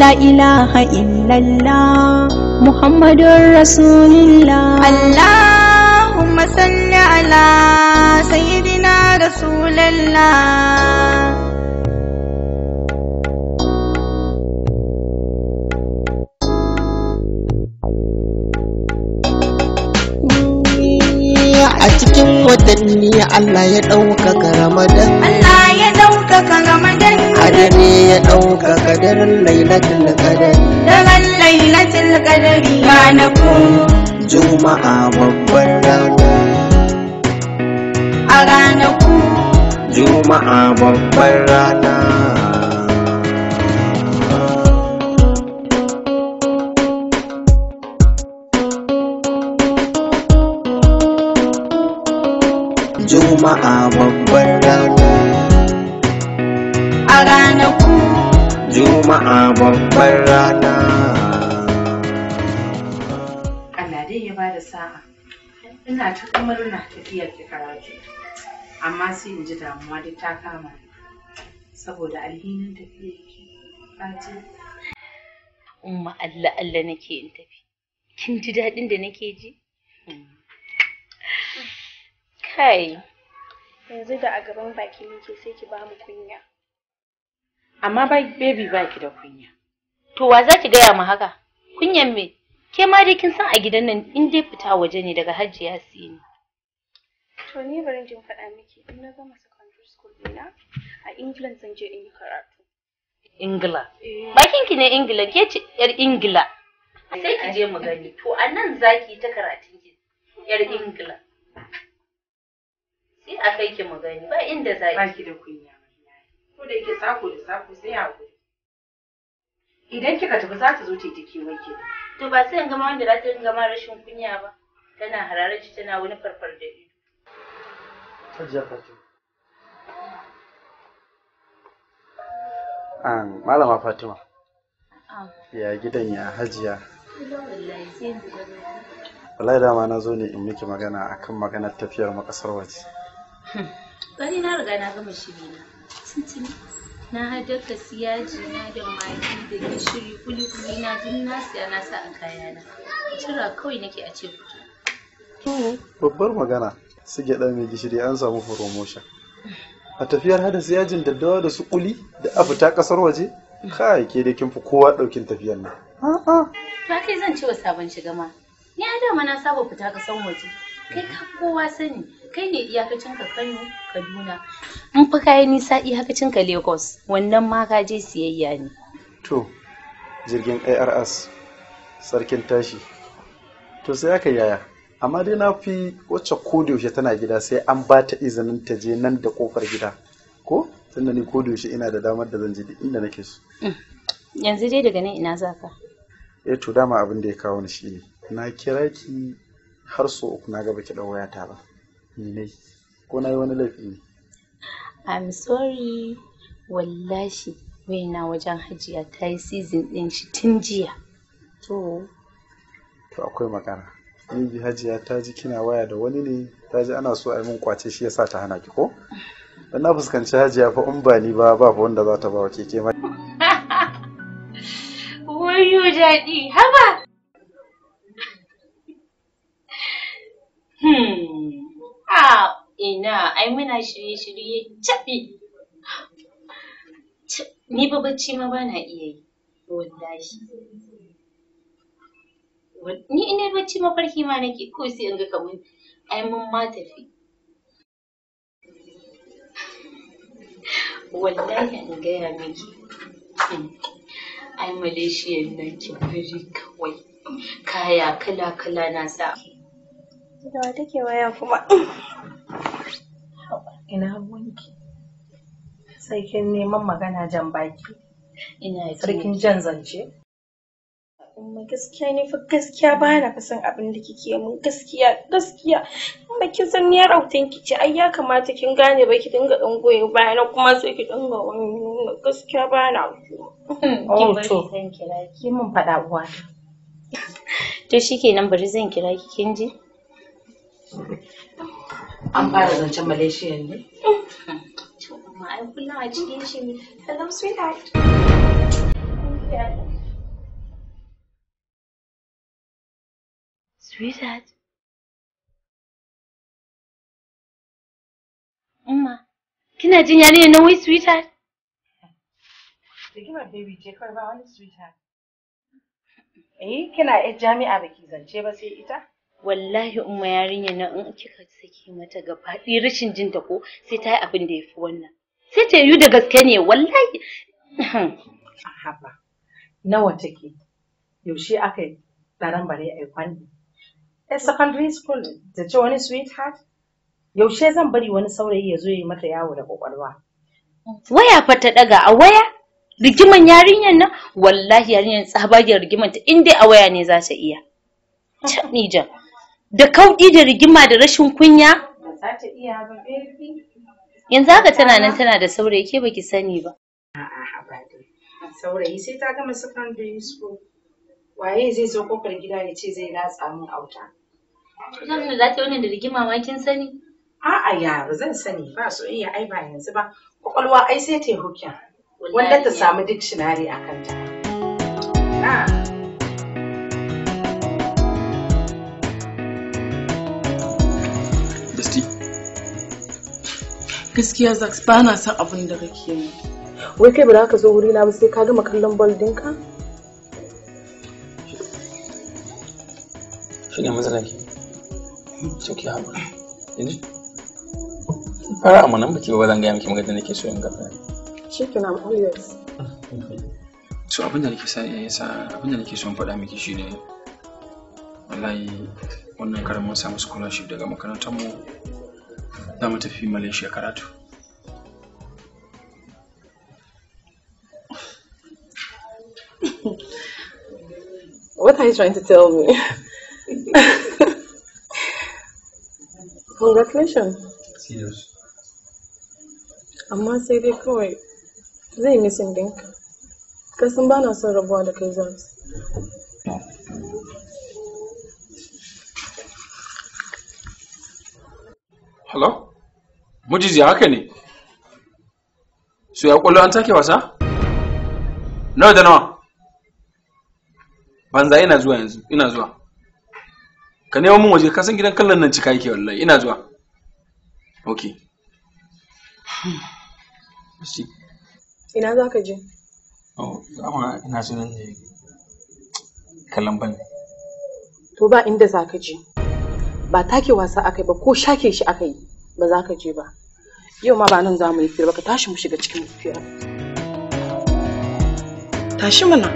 la ilaha illallah muhammadun rasulillah allahumma salli ala sayyidina rasulallah a cikin watanni Allah ya ɗaukaka Ramadan. Allah ɗaukaka da adari ya ɗaukaka daren lailatul qadari daren juma'a babban rana a ranaku, juma'a babban rana juma'a babbar rana Allah dai ya bada sa'a ina ta murna tafiya ki karatu amma sai in ji damuwa duk ta kama saboda alhinin tafiya ki umma Allah Allah nake in tafi kin ji daɗin da nake ji mm. kai yanzu da a gaban baki nake sai ki ba mu kunya Amma ba baby ba ki da kunya. To wa za ki gaya mu haka? Kunyan me? Ke ma dai kin san a gidan nan in dai fita waje ne daga Hajji Yasini. To ni bari jin faɗa miki in na gama secondary school ɗina a England zan je in yi karatu. Ingila. Eh. Bakin ki ne Ingila, ke ci yar Ingila. Eh, Sai ki je mu gani. To a nan ki ta karatun ki yar Ingila. Sai a kai ki mu gani ba inda za Ba ki da kunya. ko da yake sako da sako sai ya hakuri idan kika tafi za ta zo ta yi ta kewaye to ba sai gama wanda za ta ringa ma rashin kunya ba tana hararar shi tana wani farfar da ido hajiya fatima an malama fatima ya gidan ya hajiya wallahi dama na zo ne in miki magana akan maganar tafiyar makasar waje Gani na riga na gama shiri na. na hadar da siyaji da magi da gishiri kuli-kuli na duk na siya na sa a kayana jira kawai nake a ce fito babbar magana su gyaɗa mai gishiri an samu promotion a tafiyar hada siyajin daddawa da su kuli da a fita kasar waje kai ke da kin fi kowa ɗaukin tafiyar nan to kai zan ce wa sabon shiga ma ni a dama na saba fita kasar waje kai ka kowa sani kai ne iyakacin ka Kano Kaduna in fi kai nisa iyakacin ka Lagos wannan ma ka je siyayya ne to jirgin ARS sarkin tashi to sai aka yaya amma dai na fi wacce yaushe tana gida sai an ba ta izinin ta je nan da kofar gida ko tunda ni yaushe ina da damar da zan je inda nake so mm. yanzu dai daga nan ina zaka eh to dama abin da ya kawo ni shine na kira ki har so uku na ga baki dan wayata ba laifi ne ne I'm sorry wallahi waina wajen hajiya ta yi season ɗin shi tun jiya to to akwai magana bi hajiya ta ji kina waya da wani ne ta ji ana so a yi min kwace shi yasa ta hana ki ko dan na fuskanci hajiya fa in ba ni ba ba wanda za ta ba wa keke ma wayo daɗi haba A ina, ai muna shirye-shirye caɓi. Ni fa bacci ma bana iya yi, wallahi. Ni ina bacci ma farki ma nake ko sai in ga kamar ai mun ma tafi. Wallahi an gaya miki. Hmm, ai Malaysia nan ki bari kawai. Kaya kala-kala na sa. Da wa take waya kuma? Ina wanki. Sai kin neman magana jan baki. Ina sarkin jan zance. Umma gaskiya ne fa gaskiya ba na fasan abin da kike mun gaskiya gaskiya. Kuma kin san ni rautan ki ce ai ya kamata kin gane ba ki dinga dan goyo bayan kuma sai ki dinga wannan gaskiya ba na. Kin bari zan kira ki mun faɗa uwa. To shikenan bari zan kira ki kin ji? An fara zancen Malaysia ne? ai a cikin shi ne. sweetheart. Sweetheart. Umma, kina jin yare na wai sweetheart? Rigimar baby ce kawai ba wani sweetheart. Eh, kina 'yar jami'a baki zance ba sai ita? wallahi umma yarinya na in kika saki mata gaba ɗaya rashin jin ta ko sai ta yi abin da ya fi wannan sai ta yi da gaske ne wallahi haba nawa take yaushe aka yi ɗaran bare a kwanni a eh, secondary school da ce wani sweetheart yaushe zan bari wani saurayi ya zo yi mata yawo da kwakwalwa waya fa ta daga a waya rigiman yarinyar nan wallahi yarinyar tsabagen rigimanta in dai a waya ne za ta iya can da kauɗi da rigima da rashin kunya yanzu haka tana nan tana da saurayi ke baki sani ba saurayi sai ta gama secondary school waye zai zo kofar gida ya ce zai latsa min auta zan da zaki wannan da rigima ma kin sani a'a ya ba zan sani ba iya ai ba yanzu ba kwakwalwa ai sai ta yi hukin wanda ta samu dictionary a kanta na'am gaskiya zax ba na son abin da kake yi wai kai ba za ka zo wuri na ba sai ka gama kallon bol dinka shi ne matsalar ki sauki haɓu yanzu fara amma nan baki ba zan gaya miki magana ke so yin gaba shi ke na always so abin da nake sa yasa eh, abin da nake so in faɗa miki shine wallahi wannan karamin mun samu scholarship daga makarantar mu za mu tafi malaysia karatu What are you trying to tell me? Congratulations. Serious. Amma sai dai kawai zai missing link. Kasan ba na son rabuwa da kai zasu. hello mujiz ya haka ne So ya kwallo an take wasa nawa da nawa banza ina zuwa yanzu ina zuwa ka nemo mun waje kasan gidan kallon nan cika yake wallahi ina zuwa ok ina za ka je oh dama ina so nan ne kallon ban to ba inda za ka je ba take wasa akai ba ko shake shi akai ba za ka je ba yau ma ba nan za mu yi fira ba ka tashi mu shiga cikin fira tashi mana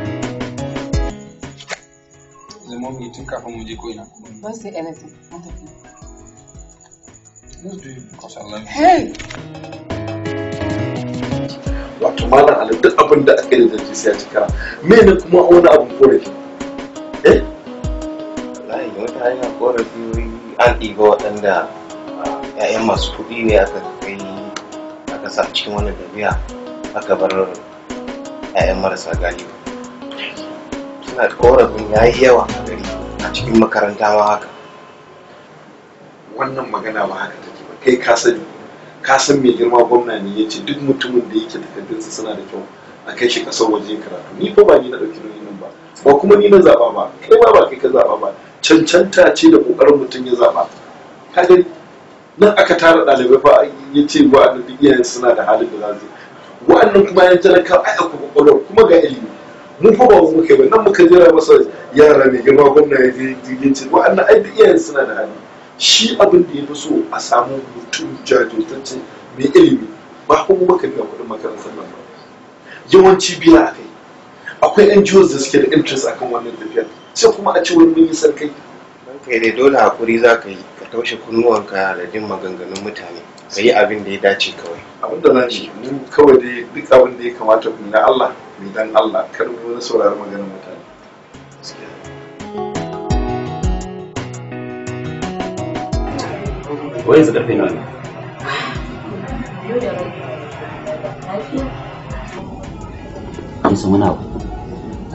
zama mu tun kafin mu je ko ina ba sai anything mun tafi let's do it because hey wato malam alim duk abin da aka yi da zance sai ya ci kara me ne kuma wani abin korafi eh wallahi wata hanya fiye an ɗiba waɗanda 'ya'yan ah, masu kuɗi ne aka kai aka sa cikin wani dabiya aka bar 'ya'yan marasa galiba suna korafin ya yi yawa a gari a cikin makaranta ma haka wannan magana ba haka take ba kai ka sani ka san mai girma gwamna ne ya ce duk mutumin da yake takardunsa suna da kyau a kai shi kasar waje karatu ni fa ba ni na ɗauki nauyin nan ba ba kuma ni na zaɓa ba kai ba ba kai ka zaɓa ba cancanta ce da kokarin mutum ya zaba kadai nan aka tara ɗalibai fa ya ce wa'annan iyayen suna da halin da za wa'annan kuma yan talaka ai aka kwakwalwar kuma ga ilimi mun fa ba mu kai ba nan muka jira masa yara mai girma gwamna ya je jirgin ce wa'annan ai iyayen suna da hali shi abin da ya fi so a samu mutum jajirtacce mai ilimi ba kuma muka biya kuɗin makarantar nan ba yawanci biya akai akwai NGOs da suke da interest akan wannan tafiyar sai kuma a ci wani yi sarkai kai dai dole hakuri za ka yi ka taushe kunnuwanka da jin maganganun mutane ka yi abin da ya dace kawai abin da na yi mu kawai dai duk abin da ya kamata mu na Allah mu dan Allah kar mu wani sauraron maganar mutane wai yanzu karfe nawa ne amsa wani abu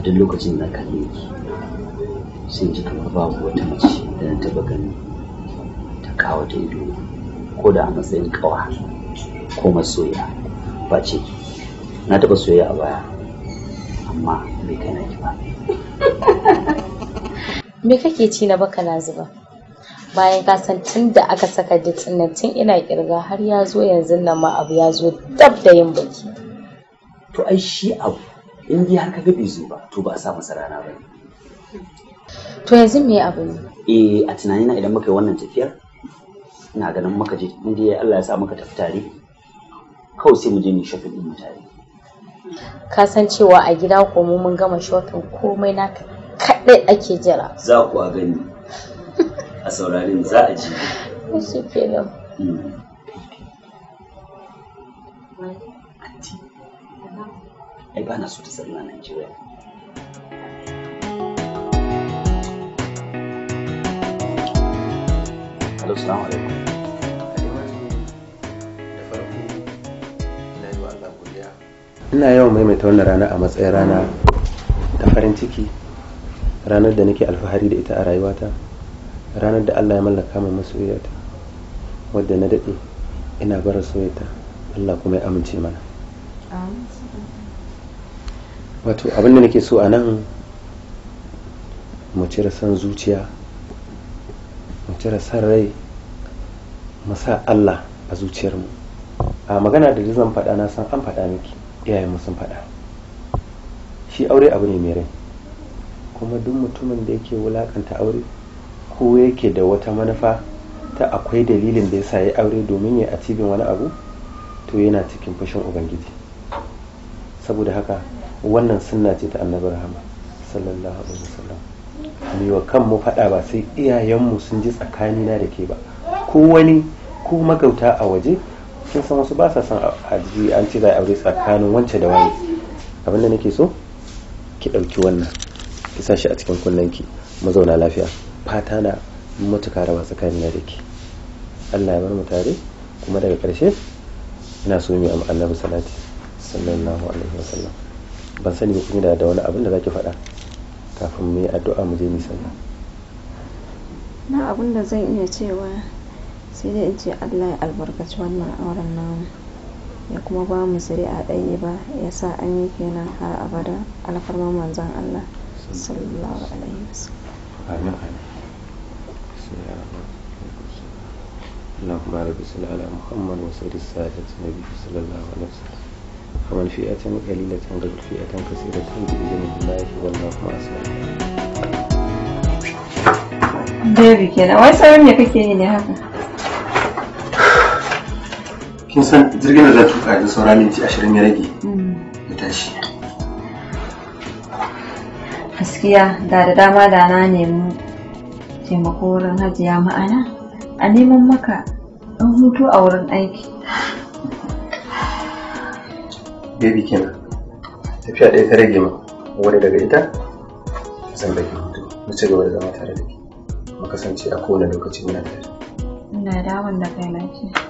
a duk lokacin da ka yi sun ji kamar babu wata mace da na taba gani ta kawo ta ido ko da a matsayin kawa ko masoya ba ce na taba soyayya a baya amma bai kai na ba me kake ci na baka na zuba bayan ka san tun da aka saka da nan ina kirga har ya zo yanzu nan ma abu ya zo dab da yin baki to ai shi abu in dai har ka ga bai zo ba to ba a sa masa rana ba ne to yanzu me abu ne eh a tunanina idan muka yi wannan tafiyar ina ganin muka je inda ya Allah ya sa muka tafi tare kawai sai mu je mu shopping din tare ka san cewa a gida ko mu mun gama shopping komai naka kadai ake jira za ku a gani a saurarin za a ji shi kenan mm. ai ba na so ta zanna Najeriya السلام عليكم ina yawan maimaita wannan rana a matsayin rana ta farin ciki ranar da nake alfahari da ita a rayuwata ranar da allah ya mallaka min masoyata wadda na daɗe ina bara soyata allah kuma ya amince mana wato abin da nake so a nan mu cire san zuciya mu cire san rai mu sa Allah a zuciyarmu a magana da zan faɗa na san an faɗa miki mu sun faɗa shi aure abu ne mai rai kuma duk mutumin da yake wulakanta aure ko yake da wata manufa ta akwai dalilin da ya sa yi aure domin ya cibin wani abu to yana cikin fashin ubangiji saboda haka wannan sunna ce ta annabi rahama sallallahu alaihi wasallam mu wa kanmu faɗa ba sai iyayenmu sun ji tsakani na da ke ba ko wani ko magauta a waje kin san wasu ba sa son a ji an ci za a aure tsakanin wance da wani abinda nake so ki ɗauki wannan ki sa shi a cikin kunnen ki mazauna lafiya fata na matuka rawa tsakanin da ke Allah ya bar mu tare kuma daga ƙarshe ina so mu yi annabi salati sallallahu alaihi sallam ban sani ba kuma da wani abin da zaki faɗa kafin mu yi addu'a mu je mu sallah na abin da zan iya cewa sai dai in ce allah ya albarkaci wannan auren namu ya kuma ba mu a ɗaya ba ya sa an yi kenan har abada alfarma manzan allah sallallahu alaihi wasallam اللهم بارك وسل على محمد وسيد السادة النبي صلى الله عليه وسلم ومن فئة قليلة غير فئة كثيرة بإذن wannan kuma a السلامة. Jebi kenan, wai sauran me kake yi ne haka? kin san jirgin da za tuka da saura minti ashirin ya rage mm. ya tashi gaskiya da da dama da na nemi taimako wurin hajiya ma'ana a neman maka ɗan hutu a wurin aiki baby kenan tafiya ɗaya ta rage ma wani daga ita zan rage hutu na ci gaba da zama tare da ke makasance a kowane lokaci muna tare ina da da kai lafiya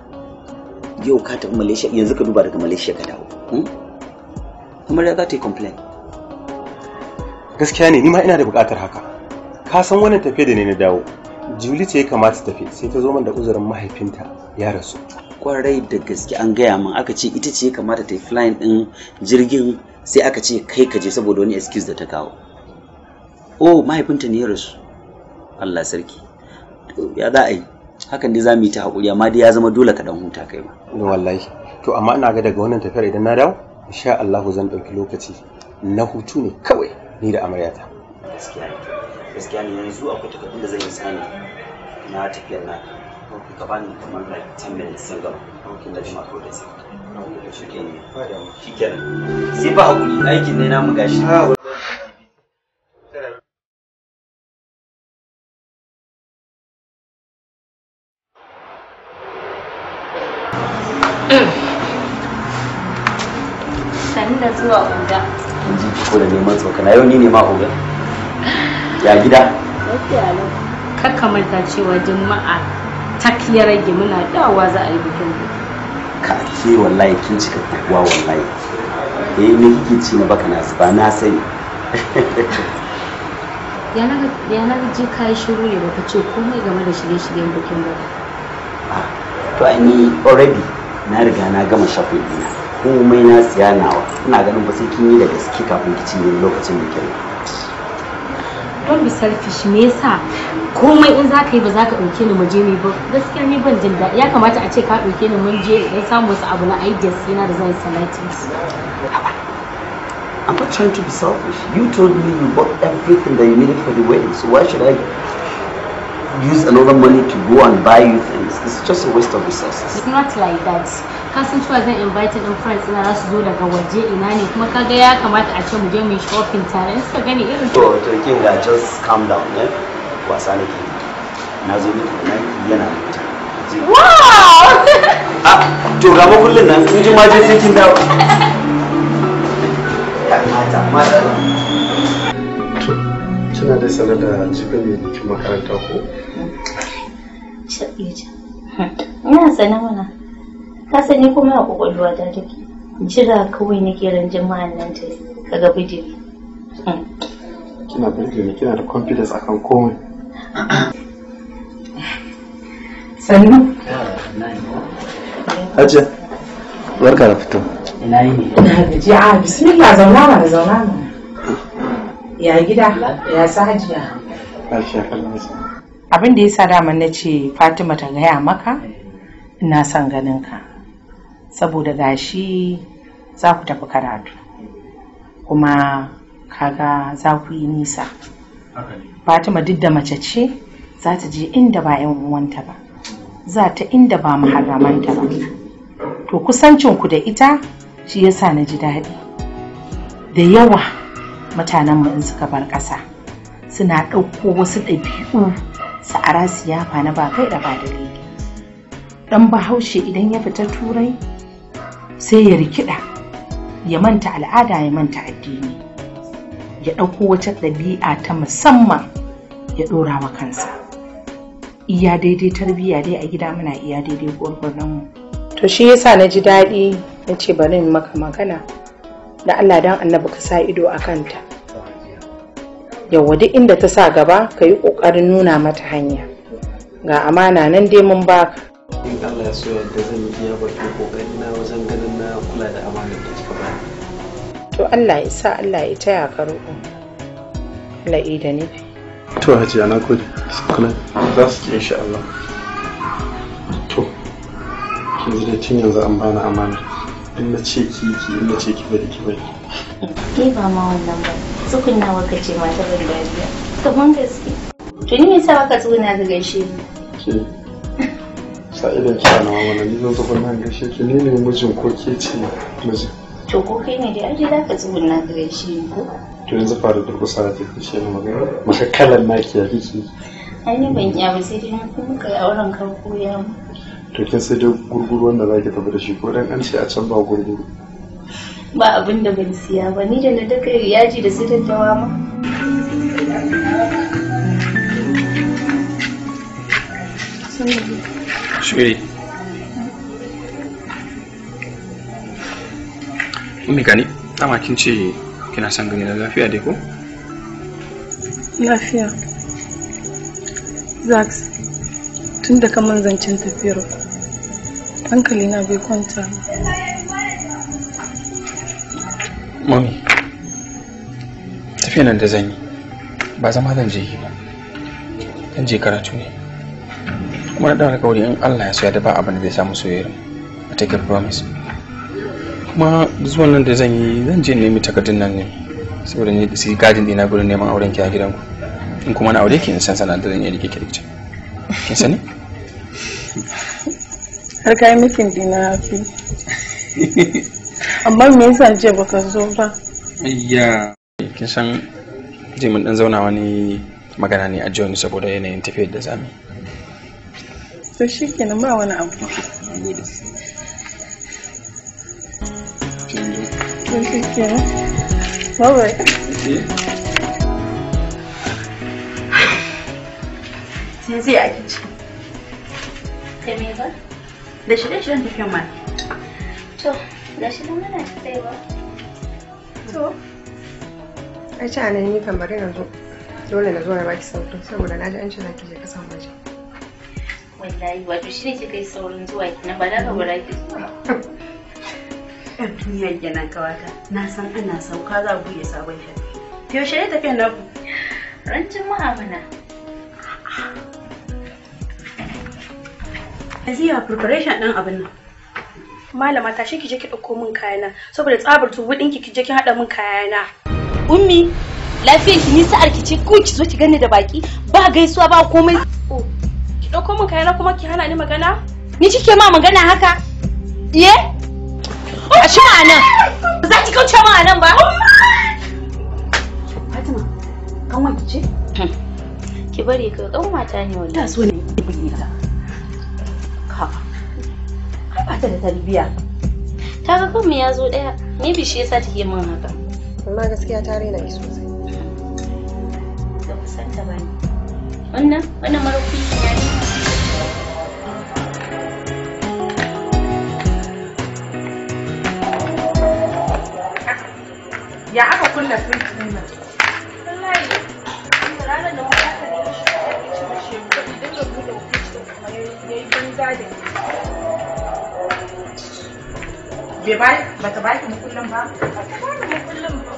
yau ka tafi malaysia yanzu ka duba daga malaysia ka dawo hmm? amarya za ta yi complain gaskiya ne ni ma ina da buƙatar haka ka san wannan tafiya da ne na dawo juli ce ya kamata tafi sai ta zo man da uzurin mahaifinta ya rasu kwarai da gaske an gaya min aka ce ita ce ya kamata ta yi flying din jirgin sai aka ce kai ka je saboda wani excuse da ta kawo oh mahaifinta ne ya rasu allah sarki ya za a yi hakan dai za mu yi ta haƙuri amma dai ya zama dole ka dan huta kai ma wallahi to amma ina ga daga wannan tafiyar idan na dawo insha Allah zan ɗauki lokaci na hutu ne kawai ni da amaryata gaskiya ne gaskiya ne yanzu akwai takardun da zan yi sani na tafiyar na ka bani kamar like 10 minutes sun gama hukin da jima ko da sai shi kenan sai ba haƙuri aikin ne na mu gashi ah, zuwa oga in ji ko da neman na yau ni ne ma oga ya gida kakka manta cewa jama'a ta ya rage muna dawa za a yi bikin ka ke wallahi kin cika kuwa wallahi eh me kike ci na baka nasu ba na sani ya na ji kayi shiru ne baka ce komai game da shirye-shiryen bikin ba ah, to ni already na riga na gama shafin dina komai na siya nawa ina ganin ba sai kin yi da gaske kafin ki cinye lokacin da kyau don be selfish me yasa komai in zaka yi ba zaka dauke ni muje ne ba gaskiya ni ban jin daɗi ya kamata a ce ka dauke ni mun je dan samu wasu abu na ideas yana da zan salati I'm not trying to be selfish. You told me you bought everything that you needed for the wedding, so why should I use another money to go and buy you things? It's just a waste of resources. It's not like that. ka san cewa zan invite din friends ina za su zo daga waje ina ne kuma kaga ya kamata a ce mu je mu shopping tare in suka gani irin to to kin ga just calm down ne wasa ne na zo miki da yana mutu wow ah to ga ba kullun nan kun ji ma je sai kin dawo mata mata kina da sanada da ne bikin makaranta ko? Shaɓe Ina sanar mana. ka sani kuma a kwakwalwa ta take jira kawai ke ran jama'an nan ta kaga bidiyo kina bidiyo ne, kina da confidence akan komai sannu hajiya barka da fito ina yi ne ji a ah, bismillah zauna mana zauna mana ya gida ya sa hajiya lafiya kallon abin da ya sa damar na ce fatima ta gaya maka ina son ganin ka saboda gashi za ku tafi karatu kuma kaga za ku yi nisa fatima duk da mace ce za ta je inda ba 'yan uwanta ba za ta inda ba maharamanta ba to kusancinku da ita shi yasa na ji daɗi da yawa mutanenmu in suka bar ƙasa suna ɗauko wasu ɗabi'u su ya fa na ba kai da ba dalili ɗan bahaushe idan ya fita turai sai ya rikida ya manta al'ada ya manta addini ya ɗauko wata ɗabi'a ta musamman ya ɗora wa kansa iya daidai tarbiyya dai a gida muna iya daidai mu. to shi yasa na ji daɗi na ce bari in maka magana da Allah don annabi ka sa ido a kanta yawa duk inda ta sa gaba ka yi ƙoƙarin nuna mata hanya ga amana nan dai mun baka in Allah ya so yadda zan iya to Allah ya sa Allah ya taya ka roƙo la'i da ne to hajiya na gode kula za su ci insha Allah to kin da tun yanzu an bani amana in na ce ki ki in na ce ki bari ki bari ke ba ma wannan ba su kunna waka ce mata ban dariya mun gaske tuni me yasa ka tsuna ga gaishe ni sa idan ki na wannan ni zo zo ban gaishe ki ni ne mijin ko ke ce mijin to ko kai ne dai aje za ka tsugunna ka gaishe ko to yanzu fara durkusa da kike shi magana maka kalan naki ya kike ai ni ban iya ba sai dai mun muka kai auren kan koya mu to kin sai dai gurguru wanda zaki tafi da shi ko dan an ce a can ba gurguru ba abin da ban siya ba ni da na daka yaji da su daddawa ma Shuri. Umi gani, dama kin ce kina san gani na lafiya dai ko? Lafiya. Zax, tun da kaman zancen tafiyar ku, hankali na bai kwanta. Mami, tafiyan nan da zan yi, ba zama zan je yi ba. Zan je karatu ne. Kuma na ɗaura kauri in Allah ya so ya da ba abin da zai samu soyayyar. a take a promise. kuma zuwan nan da zan yi zan je nemi takardun nan ne saboda ni sai gadin dina gurin neman auren ki a gidanku in kuma na aure ki in san sana da zan yi rike kirkice kin sani har kai mikin dina fi amma me yasa je baka zo ba ayya kin san je mun dan zauna wani magana ne a joni saboda yanayin tafiyar da zamu to shikenan ba wani abu This is just over. Sai zai Da shirye a ci a nan ni kan na zo. Dole na zo na saboda na ji an ce za kasan waje. Wallahi, wato shi ne kika yi saurin zuwa ki na ka bura ki yar duniyar kenan kawata na san ana sauka za ku iya sabon shi. ta yaushe ne tafiyar na ku rancin ma'amana Aziya preparation ɗin abin nan. Malama ta shi kije ki ɗauko min kayana saboda tsabar tubu ɗinki kije ki haɗa min kayana. Ummi lafiyar ki ni sa'ar ki ce ko ki zo ki gani da baki ba gaisuwa ba komai. Ki ɗauko min kayana kuma ki hana ni magana? Ni kike ma magana haka? Iye? a shi ma'anan za ki kauce ma'anan ba fatima kan wanki ce hmm. ki bari ka kan mata ne wallahi ta so ne ibin ka ba ta da tarbiya ta ga kanmu ya zo daya ne bi shi yasa take min haka amma gaskiya ta rena ki sosai da hmm. kusanta wannan wannan ya ne ya aka kulla firij din nan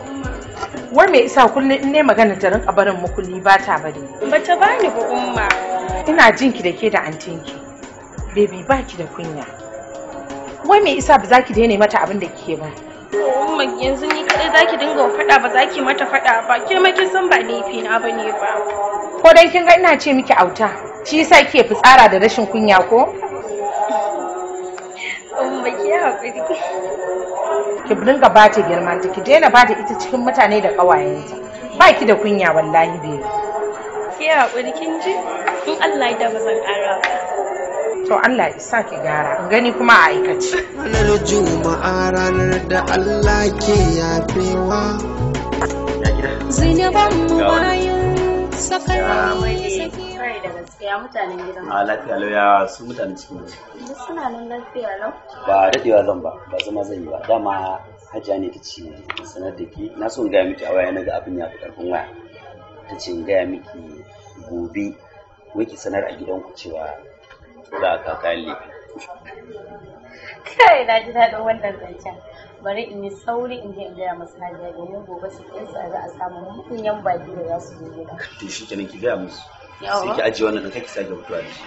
kuma wai me isa kullum ne magana ta rinka barin mukulli ba ta bari ba ta bani ba umma ina jinki da ke da antinki baby ki da kunya wai me isa ba za ki daina mata abin da kike ba umma yanzu ni kadai zaki dinga faɗa ba ki mata faɗa ba ke ma kin san ba laifi na ne ba ko dai kin ga ina ce miki auta shi yasa kike fitsara da rashin kunya ko umma ki ki dinga ba ta ta ki daina ba ta ita cikin mutane da ƙawayenta. ba ki da kunya wallahi bai ki hakuri kin ji in Allah ya da ba zan ƙara ba to Allah ya sa ki gara gani kuma a aikace ranar juma'a ranar da Allah ke yafewa zinaban mu bayan sakari da gaskiya lafiya lau ya su mutanen cikin waje suna nan lafiya lau ba dadewa zan ba ba zama zan yi ba dama hajiya ne ta ce sanar da ke na so gaya miki a waya na ga abin ya fi karfin waya ta ce in gaya miki gobe wai ki sanar a gidanku cewa za a kawo kayan lefe kai na ji daɗin wannan zancen bari in yi sauri in je in gaya masu hajiya domin gobe su ɗin sa za a samu mutunyan baki da za su zo gida to shi kenan ki gaya musu sai ki ajiye wannan ɗin kake sake mutuwa da shi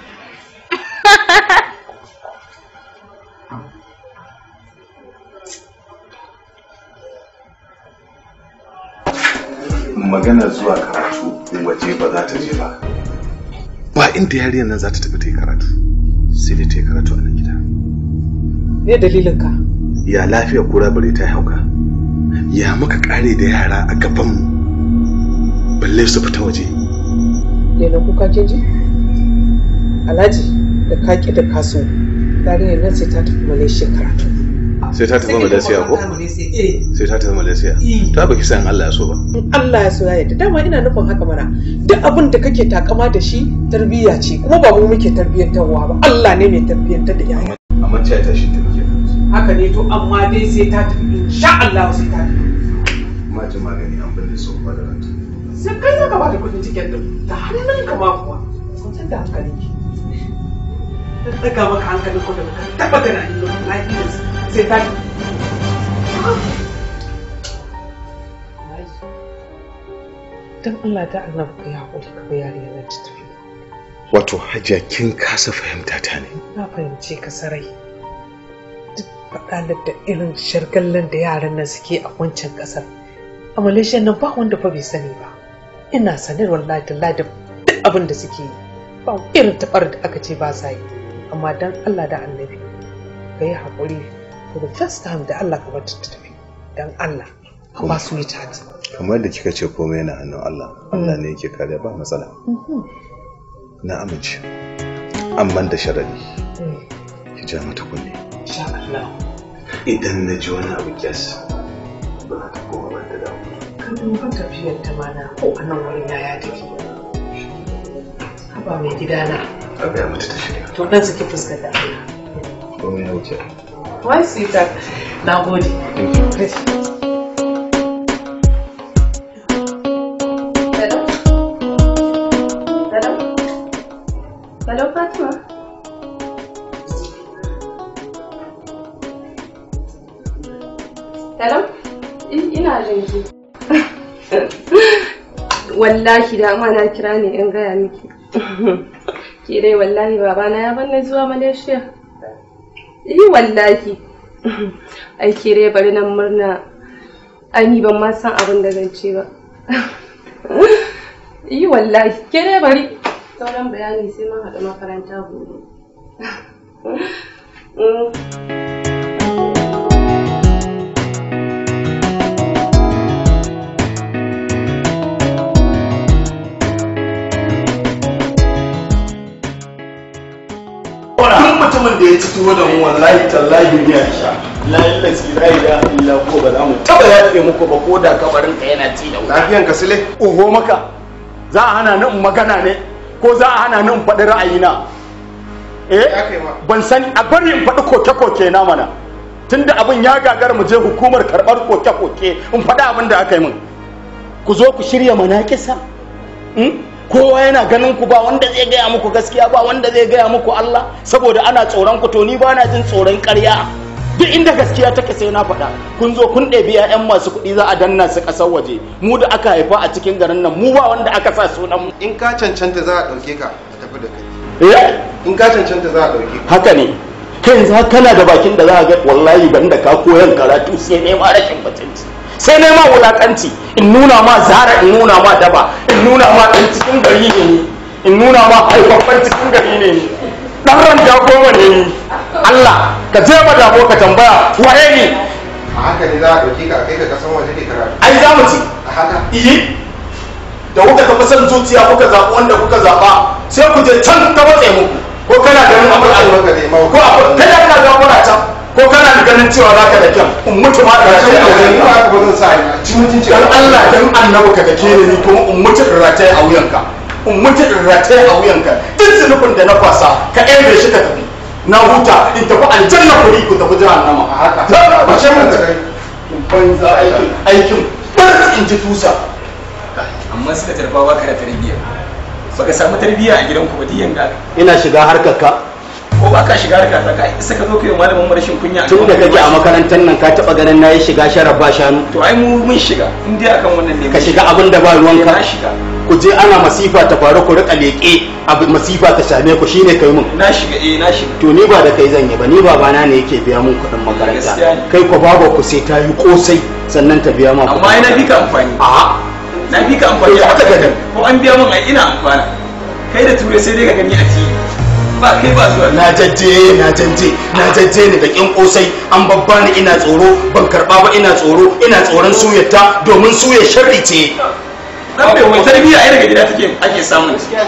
maganar zuwa karatu waje ba za ta je ba ba inda yariyar nan za ta tafi ta yi karatu sai dai ta yi karatu a nan gida me dalilin ka ya lafiya kura bare ta hauka ya muka kare da yara a gaban mu balle su fita waje daina kuka ke ji alhaji da kaki da kaso yariyar nan sai ta tafi malaysia karatu sai ta tafi malaysia ko sai ta tafi malaysia eh. ta baki san Allah ya so ba Allah ya so ya yadda dama ina nufin haka mana duk abin da kake takama da shi tarbiyya ce kuma ba mu muke wa ba Allah ne mai ta da yaya amma ce ta shi tarbiyya haka ne to amma dai sai ta tafi insha Allah sai ta tafi ji magani an bane so ba da ranta sai kai zaka ba da kudin tiket din da hannun ka ma kuwa kun da hankali ki ta daga maka hankali ko da ka taba ganin lokacin lafiyarsa você tá. wato hajiya kin kasa fahimta ta ne na fahimci ka sarai duk faɗalar da irin shargallan da yaran nan suke a wancan ƙasar a malaysia nan ba wanda fa bai sani ba ina sanar wallahi da duk abin da suke yi ba irin taɓar da aka ce ba sa yi amma don Allah da annabi ka yi haƙuri for the first time da Allah ka bata ta tafi dan Allah amma ji kamar da kika ce komai na hannun Allah Allah ne yake kare ba matsala mm-hmm. na amince amma da sharadi mm. ki ja mata kunne insha Allah idan na ji wani abu kyas ba ta koma ba ta dawo ka duba tafiyar ta mana ko anan wurin yaya take ba mai gidana ka ga mata ta shirya to dan suke fuskar da Allah komai na wuce why sweetheart na gode Hello, Fatima. Hello? Ina jin ki. Wallahi da ma na kira ne in gaya miki. Ki dai wallahi babana ya bar zuwa Malaysia. Yi eh, wallahi. Aiki dai bari nan murna. Ani ban ma san abin da zan ce ba. Yi eh, wallahi. Ke dai bari. Sauran bayani sai mun haɗu makaranta gobe. Mm. mutumin da ya ci tuwo da mu wallahi tallahi ne ya sha lalle si la ila illa ko ba za mu taba yafe muku ba ko da kabarin ka yana ci da wuta. lafiyan ka sile oho maka za a hana ni magana ne ko za a hana ni fadi faɗi ra'ayina eh ban sani a bari in faɗi koke-koke na mana tunda abin ya gagara mu je hukumar karɓar koke-koke in faɗi abin da aka yi min ku zo ku shirya mana kisa hmm? kowa yana ganin ku ba wanda zai gaya muku gaskiya ba wanda zai gaya muku Allah saboda ana tsoron ku to ni ba na jin tsoron ƙarya duk inda gaskiya take sai na faɗa kun zo kun ɗebi ƴaƴan masu kuɗi za a danna su ƙasar waje mu da aka haifa a cikin garin nan mu ba wanda aka sa sunan mu in ka cancanta za a ɗauke ka a tafi da kai eh in ka cancanta za a ɗauke ka haka ne kai yanzu kana da bakin da za a ga wallahi banda ka koyan karatu sai nema rashin mutunci sai nema wulakanci in nuna ma zara in nuna ma daba in nuna ma ɗan cikin gari ne in nuna ma haifafan cikin gari ne ɗan ran ja goma ne ni Allah ka je ma dabo ka tambaya waye ne a haka ne za a ɗauki ka kai ka kasan waje ne karatu ai za mu ci a haka iye da kuka tafi san zuciya kuka zaɓi wanda kuka zaɓa sai ku je can ta matse muku ko kana ganin abin albarka ne ko abin kada kana zaɓa wani can ko kana da ganin cewa za ka da kyan in mutu ma da race a wuyan ka ba zan sa ni cimutin ce dan Allah dan annabi ka kake ni kuma in mutu da race a wuyan ka in mutu da race a wuyan ka duk zunubin da na kwasa ka ɗaya shi ka tafi na huta in tafi aljanna kuri ku tafi nama. a haka ba ce mun da kai banza aikin aikin in ji tusa amma suka tarfa ba ka da tarbiyya baka samu tarbiyya a gidan ku ba diyan da ina shiga harkar ka ko ba ka shiga harka ta kai isa ka zo kai malamin marashin kunya tun da kake a makarantar nan ka taba ganin nayi shiga sharaf ba shanu to ai mu mun shiga in dai akan wannan ne ka shiga abin da ba ruwan ka eh, shiga ku je ana masifa ta faru ku rika leke abu masifa ta same ku shine kai mun na shiga eh na shiga to ni ba da kai zan yi ba ni babana ne yake biya mun kuɗin makaranta kai ko babo ku sai ta yi kosai sannan ta biya ma amma ina fika amfani a na fika amfani haka ganin ko an biya mun ai ina amfana kai da ture sai dai ka gani a tv ba kai ba zuwa na jajje na jajje na jajje ni da kin kosai an babba ni ina tsoro ban karba ba ina tsoro ina tsoron suyata domin suya sharri ce dan bai mai tarbiyya ai daga gida take ake samun gaskiya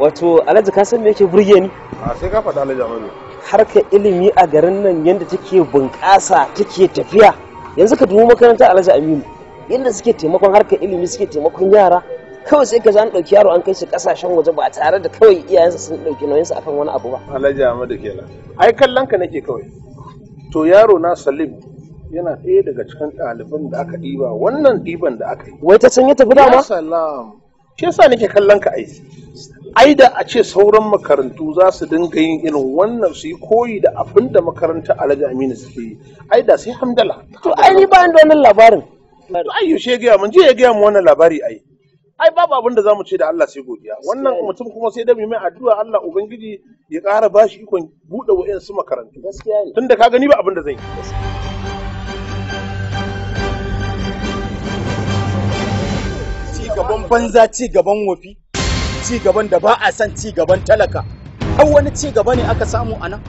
wato alhaji ka san me yake burge ni a sai ka faɗa alhaji amanu harkar ilimi a garin nan yadda take bunƙasa take tafiya yanzu ka dubi makaranta alhaji aminu yadda suke taimakon harkar ilimi suke taimakon yara kawai sai ka an ɗauki yaro an kai shi ƙasashen waje ba tare da kawai iyayensa sun ɗauki nauyinsa akan wani abu ba alhaji ahmadu kenan ai kallon ka nake kawai to yaro na salim yana ɗaya daga cikin ɗaliban da aka ɗiba wannan ɗiban da aka yi wai ta can ya tafi dama salam shi yasa nake kallon ka aiki ai da a ce sauran makarantu za su dinga yin irin wannan su yi koyi da abin da makaranta alhaji aminu suke yi ai da sai hamdala to ai ni bayan da wannan labarin to ai yushe ya gaya mun je ya gaya mu wannan labari ai ai babu abin da zamu ce da Allah sai godiya wannan mutum kuma sai da mu mai addu'a Allah ubangiji ya ƙara bashi ikon buɗe wa'ansu makarantu gaskiya ne tunda ka gani ba abin da zai yi Cigaban gaban banza cigaban gaban wafi ci da ba a san ci talaka har wani cigaba ne aka samu a nan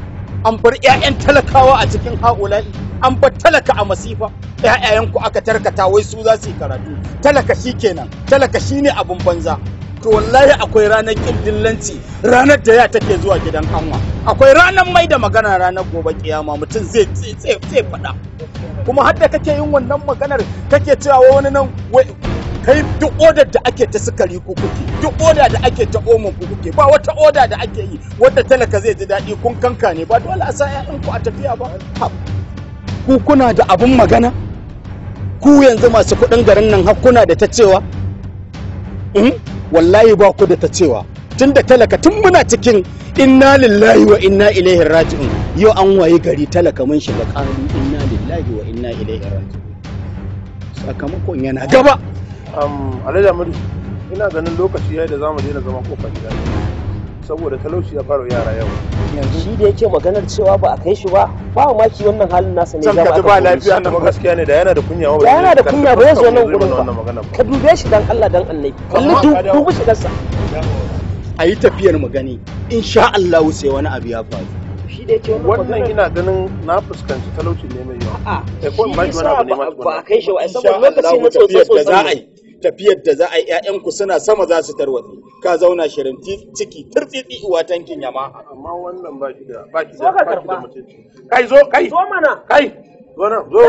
an bar 'ya'yan talakawa a cikin ha'ula'i an bar talaka a masifa 'ya'yanku aka tarkata wai su za su yi karatu talaka shi kenan talaka shi ne abin banza to wallahi akwai ranar dillanci ranar da ya take zuwa gidan anwa akwai ranar mai da magana ranar gobe kiyama mutum zai faɗa kuma hadda kake yin wannan maganar kake cewa wani nan kai duk odar da ake ta sukari ku kuke duk odar da ake ta omon ku kuke ba wata odar da ake yi wadda talaka zai ji daɗi kun kanka ne ba dole a sa ƴaƴan ku a tafiya ba ku kuna da abun magana ku yanzu masu kuɗin garin nan har kuna da ta cewa hmm? wallahi ba ku da ta cewa tun da talaka tun muna cikin inna lillahi wa inna ilaihi raji'un yau an waye gari talaka mun shiga ƙarin inna lillahi wa inna ilaihi raji'un sakamakon yana gaba alhaji amadu ina ganin lokaci yayi da za mu daina zama kofar gida saboda talauci ya fara yara yau shi da yake maganar cewa ba a kai shi ba ba ma ki wannan halin nasa ne zama aka ba lafiya na gaskiya ne da yana da kunya ba yana da kunya ba yanzu wannan gurin ba ka dube shi dan Allah dan Annabi kalli dubu shi kansa a yi tafiyar magani insha Allah sai wani abu ya faru wannan ina ganin na fuskanci talauci ne mai yawa a'a eh, ba a kai shi ba saboda lokaci na tsotsa tsotsa za a yi tafiyar da za a yi 'ya'yanku suna sama za su tarwatsi ka zauna shirin ciki turtsitsi uwa tankin yama amma wannan ba ki da ba shi da ba da mutunci kai zo kai zo mana kai zo nan zo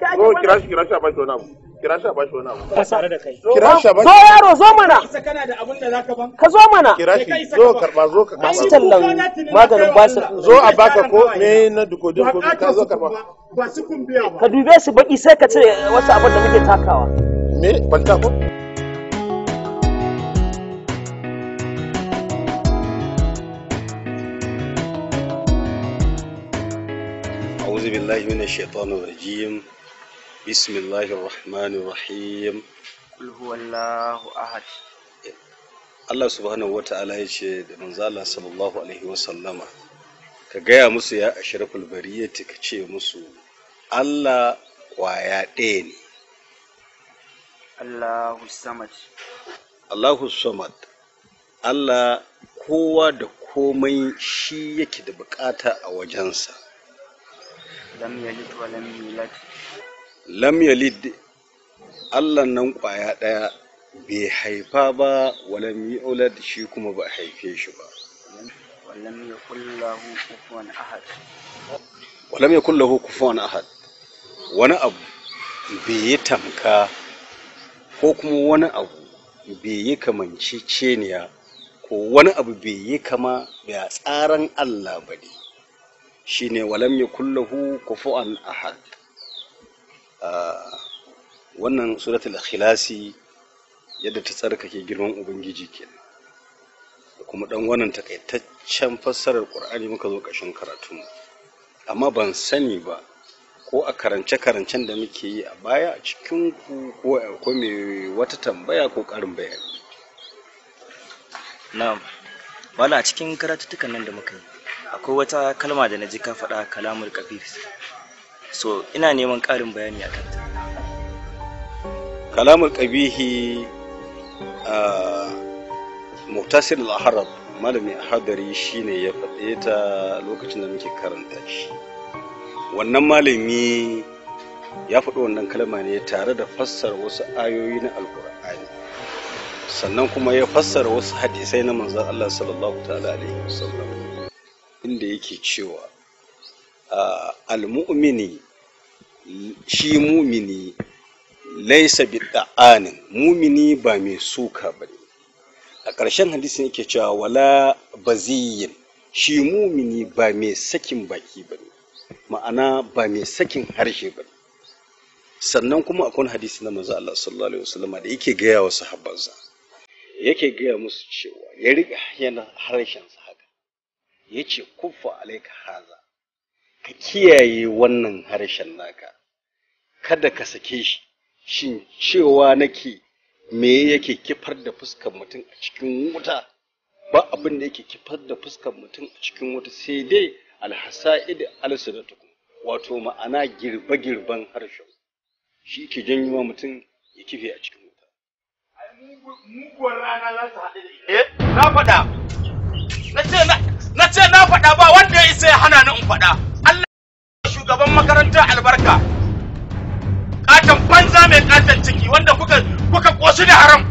kai zo kira shi kira shi a baki wani abu kira shi a bashi wani abu ka tare da kai kira shi a bashi zo yaro zo mana kana da abin da zaka ban ka zo mana kira shi zo karba zo ka karba tallan maganin basir zo a baka ko me na dukodin ko ka zo karba ba su kun biya ba ka dube su baki sai ka cire wasu abin da muke takawa me ban ta ko أعوذ بالله من الشيطان الرجيم بسم الله الرحمن الرحيم قل هو الله أحد Allah subhanahu wata'ala ya ce da manzala sallallahu alaihi wasallama ka gaya musu ya ashraful bariyati ka ce musu Allah kwaya ɗaya ne Allahu samad Allahu samad Allah kowa da komai shi yake da bukata a wajensa lam yalid wa lam yulad lam yalid Allah nan ƙwaya ɗaya bai haifa ba walam yu'lad shi kuma ba haife shi ba walam yakul lahu kufuwan ahad walam yakul kufuwan ahad wani abu bai yi tamka ko kuma wani abu bai yi ceniya ko wani abu bai yi kama da tsaran Allah ba ne ne walam yakul lahu kufuwan ahad wannan suratul ikhlasi yadda ta tsarkake girman ubangiji kenan da kuma dan wannan takaitaccen fassarar qur'ani muka zo ƙarshen karatu amma ban sani ba ko a karance karancen da muke yi a baya a cikin ku ko akwai wata tambaya ko ƙarin bayani na'am wala a cikin karatuttukan nan da muka yi akwai wata kalma da na ji ka faɗa kalamul kafif so ina neman ƙarin bayani a kanta kalamul ƙabihi a mutasir al malamin hadari shine ya faɗe ta lokacin da muke karanta shi wannan malami ya faɗo wannan kalama ne tare da fassara wasu ayoyi na alkur'ani sannan kuma ya fassara wasu hadisai na manzan Allah sallallahu ta'ala alaihi wasallam inda yake cewa al-mu'mini shi mumini laisa bidda'anin mumini ba mai suka ba ne a ƙarshen hadisin yake cewa wala baziyin shi mumini ba mai sakin baki ba ne ma'ana ba mai sakin harshe ba ne sannan kuma akwai hadisi na manzo Allah sallallahu alaihi wasallam da yake gaya wa sahabbansa yake gaya musu cewa ya riga yana harshen haka yace kuffa alaika haza ka kiyaye wannan harshen naka kada ka sake shi shin cewa nake me yake kifar da fuskar mutum a cikin wuta ba abin da yake kifar da fuskar mutum a cikin wuta sai dai alhasa'id alsunatukum wato ma'ana girbe-girben harshen shi ke janyo mutum ya kife a cikin wuta muguwar rana za su haɗu da eh, na faɗa na ce na faɗa ba wanda ya isa ya hana ni in faɗa shugaban makarantar albarka katon banza mai katon ciki wanda kuka kuka da haram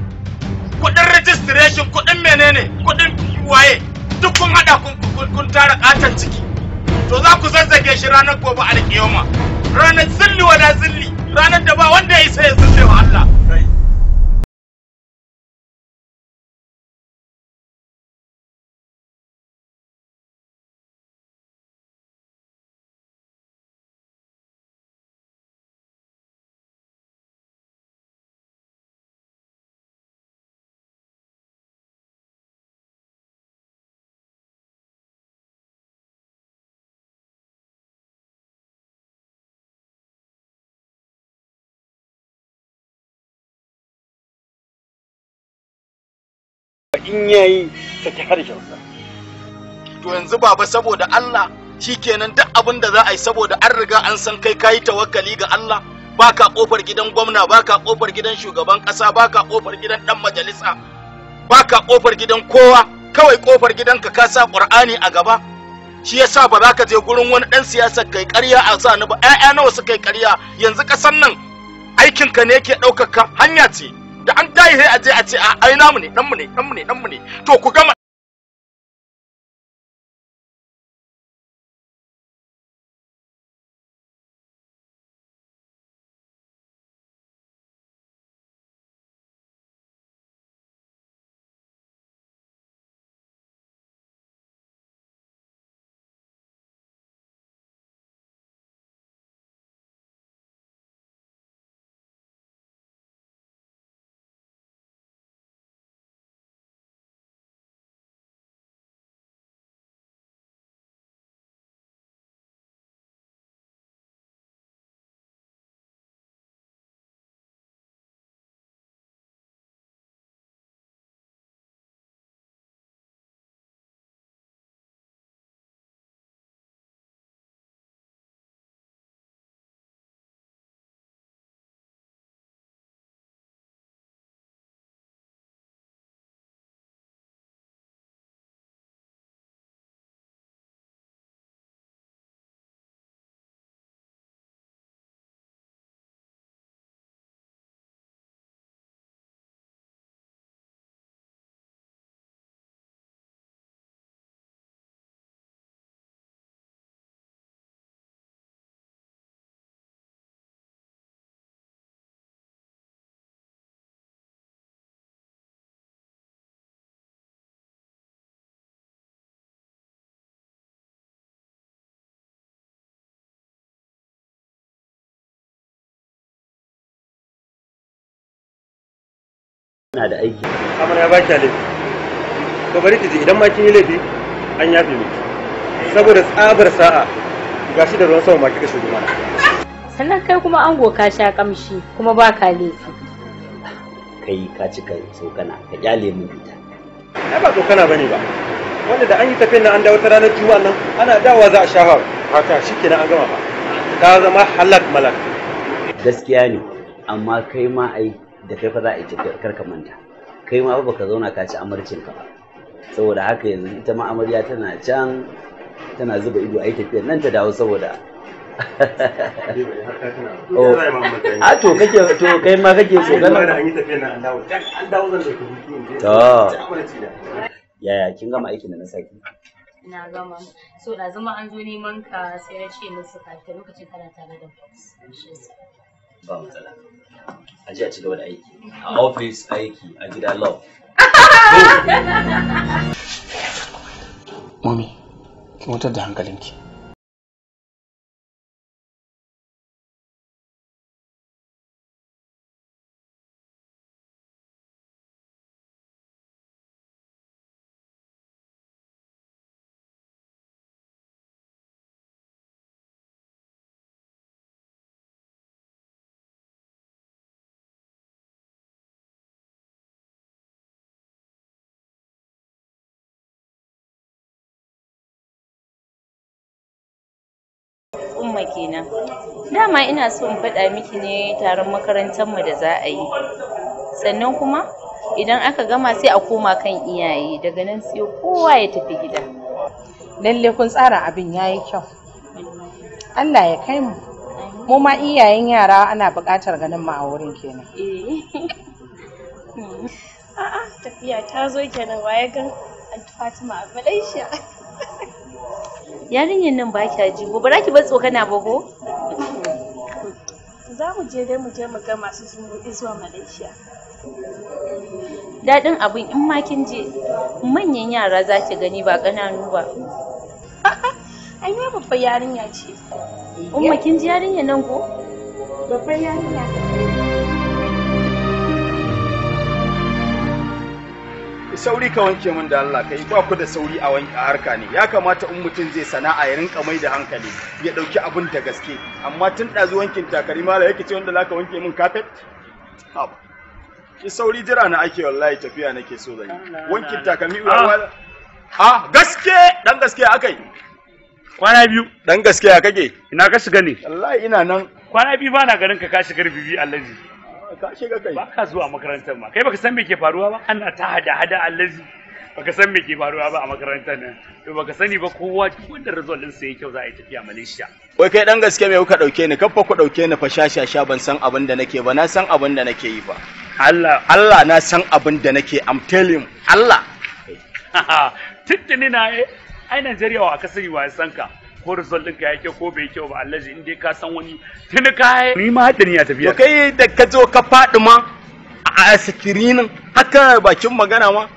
kuɗin registration kuɗin menene kudin waye duk kun hada kun tara katon ciki to za ku zazzage shi ranar gobe alƙiyoma ranar zilli wala zilli ranar da ba wanda ya isa ya zille wa Allah in yayi saki sa to yanzu baba saboda Allah shikenan duk abin da za a yi saboda an riga an san kai kayi tawakkali ga Allah baka kofar gidan gwamna baka kofar gidan shugaban kasa baka kofar gidan dan majalisa baka kofar gidan kowa kawai kofar gidanka ka sa qur'ani a gaba shi yasa ba za ka je gurin wani dan siyasa kai ƙarya a sa ba ƴaƴa nawa suka yi ƙarya yanzu kasan nan aikinka ne yake ɗaukaka hanya ce da an tayi sai a je a ce a ai namu ne dan mu ne dan mu ne dan mu ne to ku gama na da aiki amma ya baki laifi to bari ki ji idan ma kin yi laifi an yafe miki saboda tsabar sa'a gashi da ruwan sama ma kika shugaba. sannan kai kuma ango ka sha kamshi kuma ba ka laifi kai ka cika tsokana ka kyale mun ita ai ba tsokana bane ba wanda da an yi tafiyan nan an dawo ta ranar juma'a nan ana dawa za a sha hawa haka shikenan an gama ba ta zama halak malak gaskiya ne amma kai ma ai da kai fa za a yi tafiyar kar ka manta kai ma baka ka zauna ka ci amarcin ka ba saboda haka yanzu ita ma amarya tana can tana zuba ido a yi tafiyar nan ta dawo saboda a ah, to kake to kai ma kake so kana da an yi tafiyar nan an dawo an dawo zan da kuɗi to yaya kin gama aikin da na saki na gama so da zama an zo neman ka sai na ce musu ka lokacin kana tare da shi ba matsala a ji a ci da aiki a ofis aiki a gida love mami ki mutar da hankalinki goma kenan dama ina so in faɗa miki ne taron makarantar mu da za a yi sannan kuma idan aka gama sai a koma kan iyaye daga nan sai kowa ya tafi gida lalle kun tsara abin yayi kyau Allah ya kai mu mu ma iyayen yara ana buƙatar ganin mu a wurin kenan eh. a'a tafiya ta zo kenan wa ya gan Fatima a Malaysia yarinyar nan ba kya ji gobe za ki bar tsokana ba ko za mu je dai mu je mu ga masu zumbuɗi zuwa malaysia daɗin abin in ma kin je manyan yara za ki gani ba ƙananu ba ai ma babbar yarinya ce umma kin ji yarinya nan ko babbar yarinya sauri ka wanke min da Allah kai ba ku da sauri a wanke harka ne ya kamata in mutum zai sana'a ya rinka mai da hankali ya dauki abun da gaske amma tun ɗazu wankin takari mala yake ce wanda zaka wanke min kafet ki sauri jira na ake wallahi tafiya nake so zan wankin takami ah. uwa a ah, gaske dan gaske akai kwana biyu dan gaske kake ina ka shiga ne wallahi ina nan kwana biyu ba na garin ka ka shiga bibi ji ka kai ba ka zuwa makarantar ma kai baka san me ke faruwa ba ana ta hada hada allazi baka san me ke faruwa ba a makarantar nan to baka sani ba kowa duk wanda result din sa yake kyau za a yi tafiya Malaysia wai kai dan gaske me kuka dauke ni kafa ku dauke ni fa sha-sha-sha! ban san abin da nake ba na san abin da nake yi ba Allah Allah na san abin da nake I'm telling Allah tuntuni na eh, ai Najeriya wa ka sani wa san ka ko result ɗinka ya kyau ko bai kyau ba allazi in dai ka san wani tuni ka ni ma hadda ni ya tafiya to kai da ka zo ka faɗi ma a screen haka bakin magana ma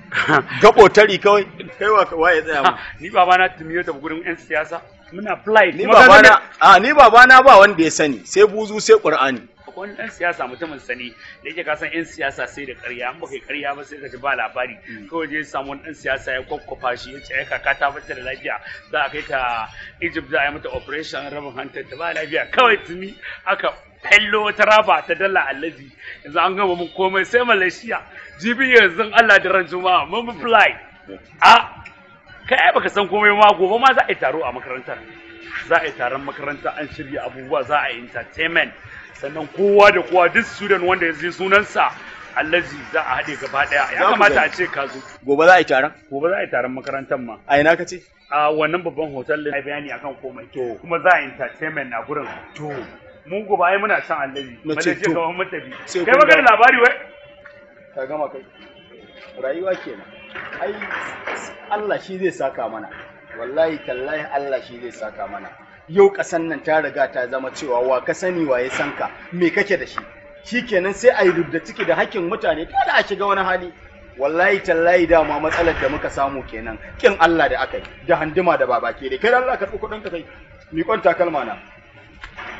gabo tari kawai kai wa waye tsaya ma ni baba na tumiyo ta gurin yan siyasa muna fly ni baba na a ni baba na ba wanda ya sani sai buzu sai qur'ani wani ɗan siyasa mutumin sani da yake kasan 'yan siyasa sai da ƙarya an baka ƙarya ba sai ka ji ba labari mm. kawai je samu wani ɗan siyasa ya kwakwafa shi ya ce ya kaka ta fita da lafiya za a kai ta Egypt za a yi mata operation rabin hantar ta ba lafiya kawai tuni aka fello wata raba ta dala alaji yanzu an gama mun komai sai malaysia jibi yanzu allah da ran juma'a mun fly a kai baka san komai ma gobe ma za a yi taro a makarantar za a yi taron makaranta an shirya abubuwa za a yi entertainment sannan kowa da kowa duk student wanda ya zai sunansa allazi za a haɗe gaba ɗaya ya kamata a ce ka zo gobe za a yi taron gobe za a yi taron makarantar ma a ina ka ce a wannan babban hotel din bayani akan komai to kuma za a entertainment na gurin to mu gobe ai muna san allazi ba da ce gaban kai kai magana labari wai ka gama kai rayuwa kenan ai Allah shi zai saka mana wallahi tallahi Allah shi zai saka mana yau ƙasan nan ta riga ta zama cewa wa ka sani wa ya san ka me kake da shi shikenan sai a yi rubda ciki da hakkin mutane dole a shiga wani hali wallahi tallahi dama matsalar da muka samu kenan kin Allah da aka yi da handuma da babake dai kai Allah tsoko kudin ka kai mi kwanta kalma na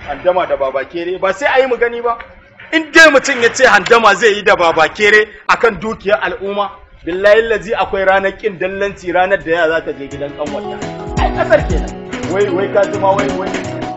handama da babake ba sai a yi mu gani ba in dai mutum ya ce handama zai yi da Babakere akan dukiyar al'umma billahi lazi akwai ranar kin dallanci ranar da ya za ta je gidan kanwarta ai kasar kenan Wait, wait, Kajima, wait, wait.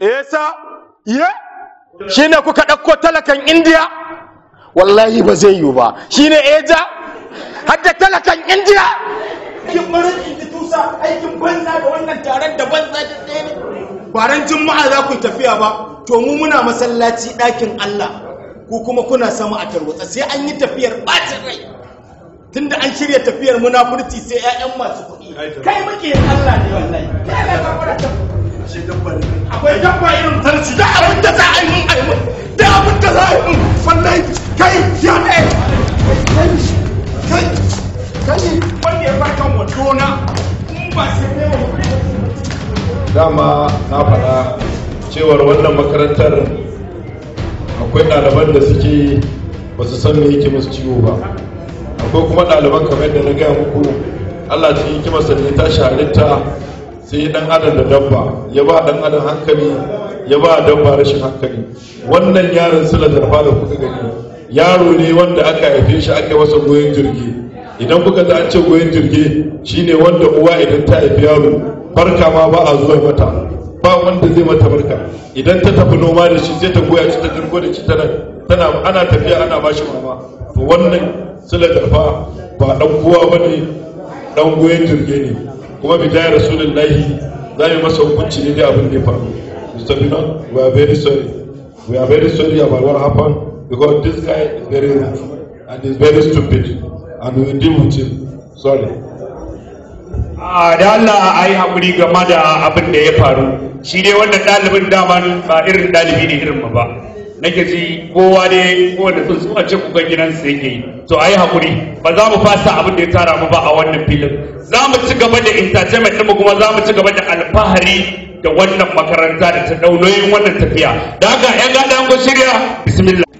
esa eh, ye shine kuka dauko talakan indiya wallahi ba zai yiwu ba shine eja eh, hadda talakan india kin barin inda tusa aikin banza da wannan taron da banza da ɗaya ne baran juma'a za ku tafiya ba to mu muna masallaci ɗakin allah ku kuma kuna sama a tarwatsa sai an yi tafiyar ɓacin rai tunda an shirya tafiyar munafurci sai 'ya'yan masu kuɗi kai muke Allah ne wallahi kai na kafara ta akwai dabba irin tarci da abin da za a yi mun aimu da abin da za a yi mun wallahi kai ya ne kai kai kai wanda ya farkan wato na in ba sai ne dama na faɗa cewar wannan makarantar akwai ɗaliban da suke ba su san me yake musu ciwo ba akwai kuma ɗaliban kamar da na gaya muku Allah cikin hikimarsa da ya ta halitta sai dan adam da dabba ya ba dan adam hankali ya ba dabba rashin hankali wannan yaron sila zarfa da kuka gani yaro ne wanda aka haife shi aka yi masa goyon jirgi idan kuka ta an ce goyon jirgi shine wanda uwa idan ta haifi yaro barka ma ba a zuwa mata ba wanda zai mata barka idan ta tafi noma da shi zai ta goya shi ta jirgo da shi tana tana ana tafiya ana bashi mama to wannan sila zarfa ba dan kowa bane dan goyen turge ne kuma bi jaya rasulullahi za mu masa hukunci ne da abin da ya faru mr bino we are very sorry we are very sorry about what happened because this guy is very rude and is very stupid and we deal with him sorry a ah, da Allah a yi haƙuri game da abin da ya faru shi dai wannan ɗalibin daman ba irin ɗalibi ne irin mu ba nake ji kowa ne kowane sun a ce kuka gidansu yake yi to a yi haƙuri ba za mu fasa abin da ya tara mu ba a wannan filin za mu ci gaba da entertainment mu kuma za mu ci gaba da alfahari da wannan makaranta da ta ɗau wannan tafiya da haka 'yan gada an shirya bismillah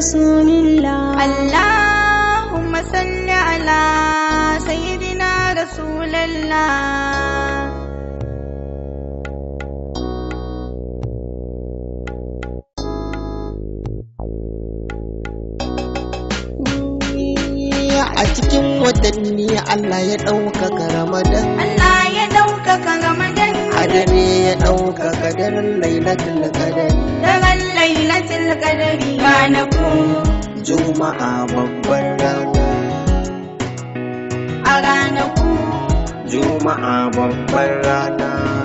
رسول الله اللهم صل على سيدنا رسول الله a cikin watanni Allah ya ɗaukaka Ramadan. Allah ya ɗaukaka Ramadan. A dare ya ɗaukaka daren Lailatul Qadari. lailatul qadari ranakun juma'a babbar rana a ranaku juma'a babbar rana